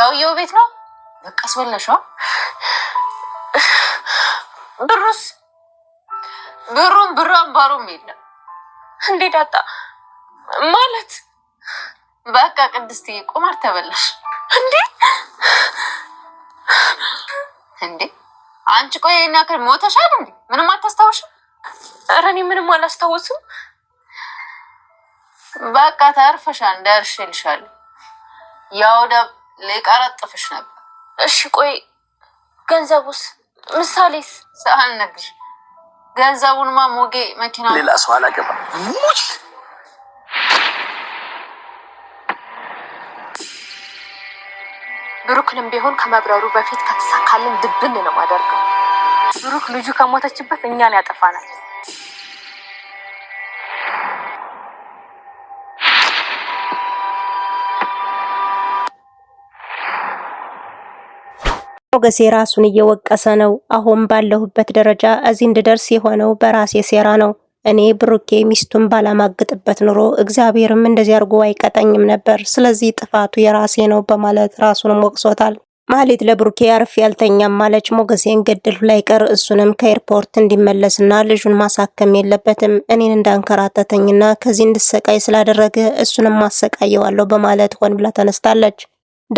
ሰውየው ቤት ነው በቃ ስበለሽ ብሩስ ብሩን ብሩ አምባሩም የለም እንዴ ዳጣ ማለት በቃ ቅድስትዬ ቁማር ተበላሽ እንዴ እንዴ አንቺ ቆይ ይህን ያክል ሞተሻል እንዴ ምንም አታስታውሽም ኧረ እኔ ምንም አላስታወስም በቃ ታርፈሻል ደርሽልሻል ያው ደብ ልቀረጥፍሽ ነበር። እሺ ቆይ ገንዘቡስ? ምሳሌስ? ነግሽ ገንዘቡንማ ሞጌ መኪና ሌላ ሰው አላገባም። ብሩክንም ቢሆን ከመብረሩ በፊት ከተሳካልን ድብን ነው ማደርገው። ብሩክ ልጁ ከሞተችበት እኛን ያጠፋናል። ሞገሴ ራሱን እየወቀሰ ነው። አሁን ባለሁበት ደረጃ እዚህ እንድደርስ የሆነው በራሴ ሴራ ነው። እኔ ብሩኬ ሚስቱን ባላማግጥበት ኑሮ እግዚአብሔርም እንደዚህ አድርጎ አይቀጠኝም ነበር። ስለዚህ ጥፋቱ የራሴ ነው በማለት ራሱንም ወቅሶታል። ማህሌት ለብሩኬ አርፍ ያልተኛም ማለች። ሞገሴን ላይ ቀር እሱንም ከኤርፖርት እንዲመለስና ልጁን ማሳከም የለበትም እኔን እንዳንከራተተኝና ከዚህ እንድሰቃይ ስላደረገ እሱንም ማሰቃየዋለሁ በማለት ሆን ብላ ተነስታለች።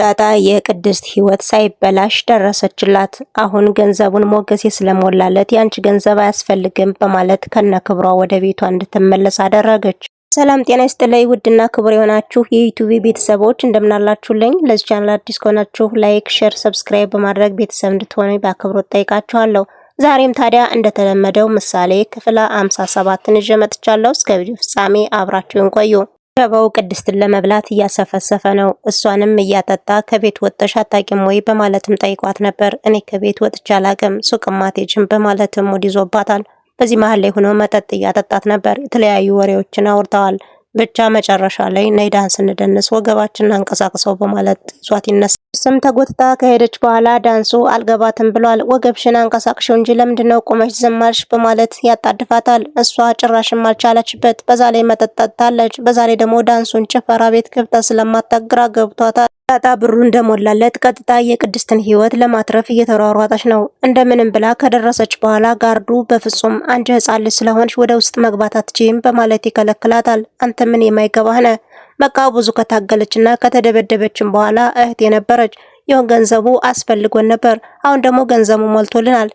ዳጣ የቅድስት ህይወት ሳይበላሽ ደረሰችላት። አሁን ገንዘቡን ሞገሴ ስለሞላለት ያንቺ ገንዘብ አያስፈልግም በማለት ከነክብሯ ወደ ቤቷ እንድትመለስ አደረገች። ሰላም ጤና ይስጥልኝ ውድና ክቡር የሆናችሁ የዩቲዩብ ቤተሰቦች እንደምናላችሁልኝ። ለዚህ ቻናል አዲስ ከሆናችሁ ላይክ፣ ሼር፣ ሰብስክራይብ በማድረግ ቤተሰብ እንድትሆኑ በአክብሮት ጠይቃችኋለሁ። ዛሬም ታዲያ እንደተለመደው ምሳሌ ክፍል 57ን ይዤ መጥቻለሁ። እስከ ቪዲዮ ፍጻሜ አብራችሁን ቆዩ። ሸበው ቅድስትን ለመብላት እያሰፈሰፈ ነው። እሷንም እያጠጣ ከቤት ወጥተሽ አታውቂም ወይ በማለትም ጠይቋት ነበር። እኔ ከቤት ወጥቼ አላውቅም ሱቅም አትሄጂም በማለትም ሙድ ይዞባታል። በዚህ መሀል ላይ ሆኖ መጠጥ እያጠጣት ነበር። የተለያዩ ወሬዎችን አውርተዋል። ብቻ መጨረሻ ላይ ነይ ስንደንስ እንደንስ ወገባችንን አንቀሳቅሰው በማለት ይዟት ይነሳል። ስም ተጎትታ ከሄደች በኋላ ዳንሱ አልገባትም ብሏል። ወገብሽን አንቀሳቅሽው እንጂ ለምንድነው ቆመሽ ዝማልሽ በማለት ያጣድፋታል። እሷ ጭራሽም አልቻለችበት። በዛ ላይ መጠጣታለች። በዛ ላይ ደግሞ ዳንሱን ጭፈራ ቤት ገብታ ስለማታግራ ገብቷታል። ዳጣ ብሩ እንደሞላለት ቀጥታ የቅድስትን ህይወት ለማትረፍ እየተሯሯጠች ነው። እንደምንም ብላ ከደረሰች በኋላ ጋርዱ በፍጹም አንቺ ህጻን ልጅ ስለሆንሽ ወደ ውስጥ መግባት አትችይም በማለት ይከለክላታል። አንተ ምን የማይገባህ ነህ? በቃ ብዙ ከታገለችና ከተደበደበችም በኋላ እህት የነበረች ይሁን ገንዘቡ አስፈልጎን ነበር። አሁን ደግሞ ገንዘቡ ሞልቶልናል።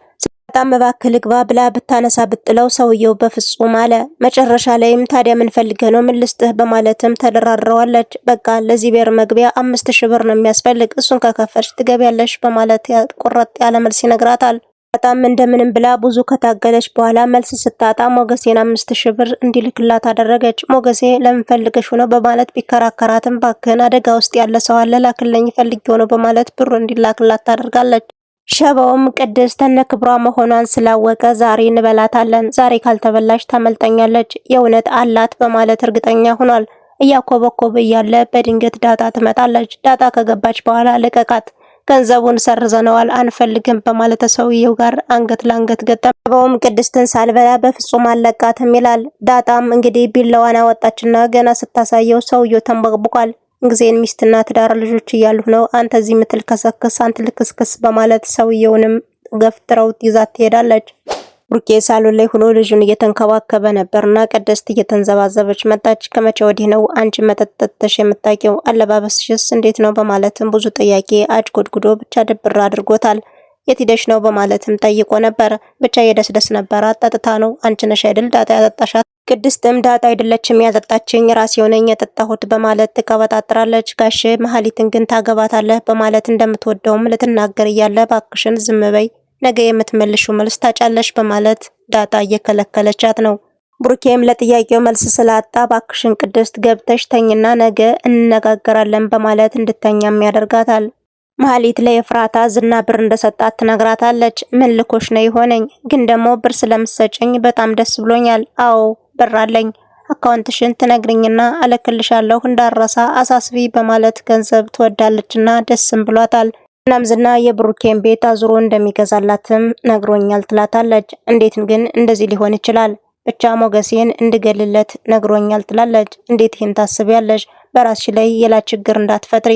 በጣም እባክህ ልግባ ብላ ብታነሳ ብጥለው ሰውየው በፍጹም አለ። መጨረሻ ላይም ታዲያ ምን ፈልገህ ነው ምን ልስጥህ በማለትም ተደራድረዋለች። በቃ ለዚህ ብሔር መግቢያ አምስት ሺህ ብር ነው የሚያስፈልግ እሱን ከከፈልሽ ትገቢያለሽ በማለት ቁረጥ ያለ መልስ ይነግራታል። በጣም እንደምንም ብላ ብዙ ከታገለች በኋላ መልስ ስታጣ ሞገሴን አምስት ሺህ ብር እንዲልክላት አደረገች። ሞገሴ ለምን ነው በማለት ቢከራከራትም ባክህን አደጋ ውስጥ ያለ ሰው አለ ላክልኝ ፈልጌ ነው በማለት ብሩ እንዲላክላት ታደርጋለች። ሸበውም ቅድስት እነ ክብሯ መሆኗን ስላወቀ ዛሬ እንበላታለን፣ ዛሬ ካልተበላሽ ተመልጠኛለች። የእውነት አላት በማለት እርግጠኛ ሆኗል። እያኮበኮበ እያለ በድንገት ዳጣ ትመጣለች። ዳጣ ከገባች በኋላ ልቀቃት፣ ገንዘቡን ሰርዘነዋል፣ አንፈልግም በማለት ሰውየው ጋር አንገት ለአንገት ገጠመ። ሸበውም ቅድስትን ሳልበላ በፍጹም አለቃትም ይላል። ዳጣም እንግዲህ ቢላዋን አወጣችና ገና ስታሳየው ሰውየው ተንበቅብቋል። ጊዜን ሚስትና ትዳር ልጆች እያሉ ነው አንተ እዚህ የምትልከሰክስ አንተ ልክስክስ በማለት ሰውየውንም ገፍጥረው ይዛት ትሄዳለች። ቡርኬ ሳሎን ላይ ሆኖ ልጁን እየተንከባከበ ነበርና ቅድስት እየተንዘባዘበች መጣች። ከመቼ ወዲህ ነው አንቺ መጠጥ ጠጥተሽ የምታውቂው? አለባበስሽስ እንዴት ነው? በማለትም ብዙ ጥያቄ አጅ ጎድጉዶ ብቻ ድብር አድርጎታል። የት ሄደሽ ነው በማለትም ጠይቆ ነበር። ብቻ የደስደስ ነበር ጠጥታ ነው አንቺ ነሽ አይደል ዳጣ ያጠጣሻት? ቅድስትም ዳጣ አይደለችም ያጠጣችኝ ራሴ ነኝ የጠጣሁት በማለት ትቀበጣጥራለች። ጋሽ መሀሊትን ግን ታገባታለህ በማለት እንደምትወደውም ልትናገር እያለ ባክሽን ዝም በይ ነገ የምትመልሹ መልስ ታጫለሽ በማለት ዳጣ እየከለከለቻት ነው። ብሩኬም ለጥያቄው መልስ ስላጣ ባክሽን ቅድስት ገብተሽ ተኝና ነገ እንነጋገራለን በማለት እንድተኛም ያደርጋታል። ማህሌት ለኤፍራታ ዝና ብር እንደሰጣት ትነግራታለች። ምን ልኮሽ ነው የሆነኝ? ግን ደግሞ ብር ስለምሰጭኝ በጣም ደስ ብሎኛል። አዎ ብር አለኝ። አካውንትሽን ትነግርኝና አለክልሻለሁ እንዳረሳ አሳስቢ በማለት ገንዘብ ትወዳለችና ደስም ብሏታል። እናም ዝና የብሩኬን ቤት አዙሮ እንደሚገዛላትም ነግሮኛል ትላታለች። እንዴት ግን እንደዚህ ሊሆን ይችላል? ብቻ ሞገሴን እንድገልለት ነግሮኛል ትላለች። እንዴት ይህን ታስቢያለሽ? በራስሽ ላይ የላ ችግር እንዳትፈጥሪ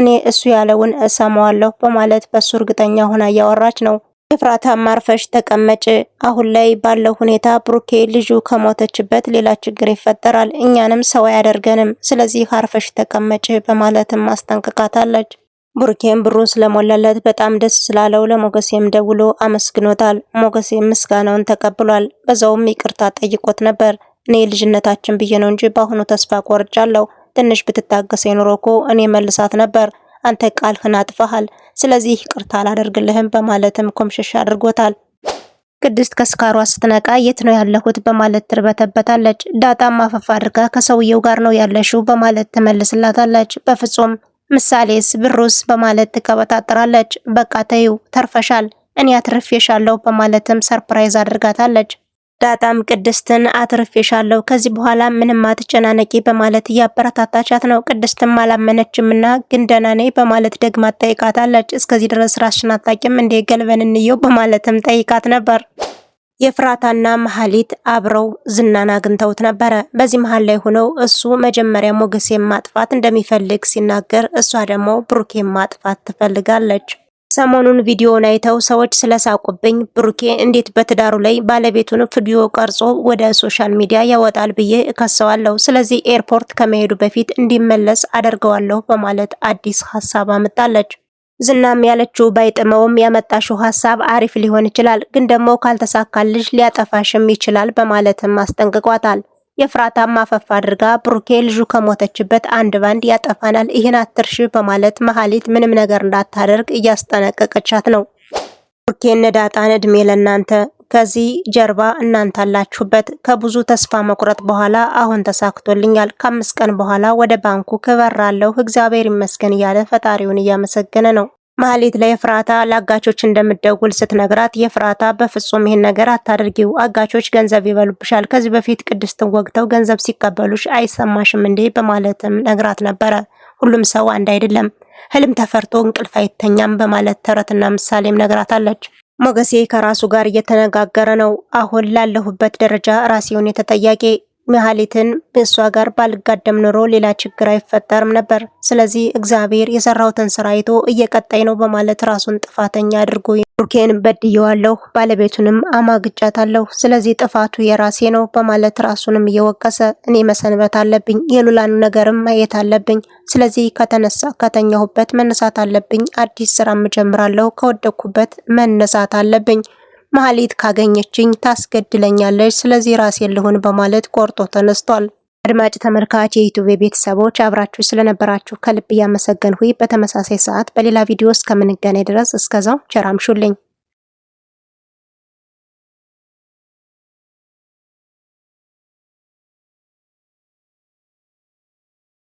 እኔ እሱ ያለውን እሰማዋለሁ በማለት በሱ እርግጠኛ ሆና እያወራች ነው። ኤፍራታ ማርፈሽ ተቀመጭ። አሁን ላይ ባለው ሁኔታ ብሩኬ ልጁ ከሞተችበት ሌላ ችግር ይፈጠራል፣ እኛንም ሰው አያደርገንም። ስለዚህ አርፈሽ ተቀመጭ በማለትም አስጠንቅቃታለች። ብሩኬም ብሩን ስለሞላለት በጣም ደስ ስላለው ለሞገሴም ደውሎ አመስግኖታል። ሞገሴም ምስጋናውን ተቀብሏል። በዛውም ይቅርታ ጠይቆት ነበር። እኔ ልጅነታችን ብዬ ነው እንጂ በአሁኑ ተስፋ ቆርጫለሁ ትንሽ ብትታገሰ ይኖሮ እኮ እኔ መልሳት ነበር። አንተ ቃልህን አጥፈሃል፣ ስለዚህ ቅርታ አላደርግልህም በማለትም ኮምሽሽ አድርጎታል። ቅድስት ከስካሯ ስትነቃ የት ነው ያለሁት በማለት ትርበተበታለች። ዳጣም አፈፍ አድርጋ ከሰውየው ጋር ነው ያለሽው በማለት ትመልስላታለች። በፍጹም ምሳሌስ ብሩስ በማለት ትቀበጣጥራለች። በቃ ተይው ተርፈሻል፣ እኔ አትርፌሻለሁ በማለትም ሰርፕራይዝ አድርጋታለች። ዳጣም ቅድስትን አትርፌሻለሁ፣ ከዚህ በኋላ ምንም አትጨናነቂ በማለት እያበረታታቻት ነው። ቅድስትም አላመነችም እና ግን ደህና ነኝ በማለት ደግማ ጠይቃታለች። እስከዚህ ድረስ ራስሽን አታውቂም እንዴ ገልበን እንየው በማለትም ጠይቃት ነበር። የፍራታና መሀሊት አብረው ዝናን አግኝተውት ነበረ። በዚህ መሀል ላይ ሆነው እሱ መጀመሪያ ሞገሴን ማጥፋት እንደሚፈልግ ሲናገር፣ እሷ ደግሞ ብሩኬን ማጥፋት ትፈልጋለች። ሰሞኑን ቪዲዮውን አይተው ሰዎች ስለሳቁብኝ ብሩኬ እንዴት በትዳሩ ላይ ባለቤቱን ቪዲዮ ቀርጾ ወደ ሶሻል ሚዲያ ያወጣል ብዬ እከሰዋለሁ። ስለዚህ ኤርፖርት ከመሄዱ በፊት እንዲመለስ አደርገዋለሁ በማለት አዲስ ሀሳብ አመጣለች። ዝናም ያለችው ባይጥመውም ያመጣሽው ሀሳብ አሪፍ ሊሆን ይችላል፣ ግን ደግሞ ካልተሳካልሽ ሊያጠፋሽም ይችላል በማለትም አስጠንቅቋታል። የፍራታ ማፈፋ አድርጋ ብሩኬ ልጁ ከሞተችበት አንድ ባንድ ያጠፋናል፣ ይህን አትርሽ በማለት መሀሊት ምንም ነገር እንዳታደርግ እያስጠነቀቀቻት ነው። ብሩኬ ነዳጣን እድሜ ለእናንተ ከዚህ ጀርባ እናንተ አላችሁበት። ከብዙ ተስፋ መቁረጥ በኋላ አሁን ተሳክቶልኛል፣ ከአምስት ቀን በኋላ ወደ ባንኩ ክበራለሁ፣ እግዚአብሔር ይመስገን እያለ ፈጣሪውን እያመሰገነ ነው። ማህሌት ለኤፍራታ ለአጋቾች እንደምደውል ስትነግራት የፍራታ በፍጹም ይህን ነገር አታድርጊው፣ አጋቾች ገንዘብ ይበሉብሻል፣ ከዚህ በፊት ቅድስትን ወግተው ገንዘብ ሲቀበሉሽ አይሰማሽም እንዴ? በማለትም ነግራት ነበረ። ሁሉም ሰው አንድ አይደለም፣ ህልም ተፈርቶ እንቅልፍ አይተኛም በማለት ተረትና ምሳሌም ነግራታለች። ሞገሴ ከራሱ ጋር እየተነጋገረ ነው። አሁን ላለሁበት ደረጃ ራሴውን የተጠያቂ መሐሊትን በእሷ ጋር ባልጋደም ኖሮ ሌላ ችግር አይፈጠርም ነበር። ስለዚህ እግዚአብሔር የሰራሁትን ስራ አይቶ እየቀጣይ ነው በማለት ራሱን ጥፋተኛ አድርጎ ቡርኬን በድየዋለሁ፣ ባለቤቱንም አማግጫታለሁ፣ ስለዚህ ጥፋቱ የራሴ ነው በማለት ራሱንም እየወቀሰ እኔ መሰንበት አለብኝ፣ የሉላን ነገርም ማየት አለብኝ፣ ስለዚህ ከተነሳ ከተኛሁበት መነሳት አለብኝ፣ አዲስ ስራም እጀምራለሁ፣ ከወደኩበት መነሳት አለብኝ መሀሌት ካገኘችኝ ታስገድለኛለች፣ ስለዚህ ራሴ ልሁን በማለት ቆርጦ ተነስቷል። አድማጭ ተመልካች የዩቱብ ቤተሰቦች አብራችሁ ስለነበራችሁ ከልብ እያመሰገንሁ በተመሳሳይ ሰዓት በሌላ ቪዲዮ እስከምንገናኝ ድረስ እስከዛው ቸር አምሹልኝ።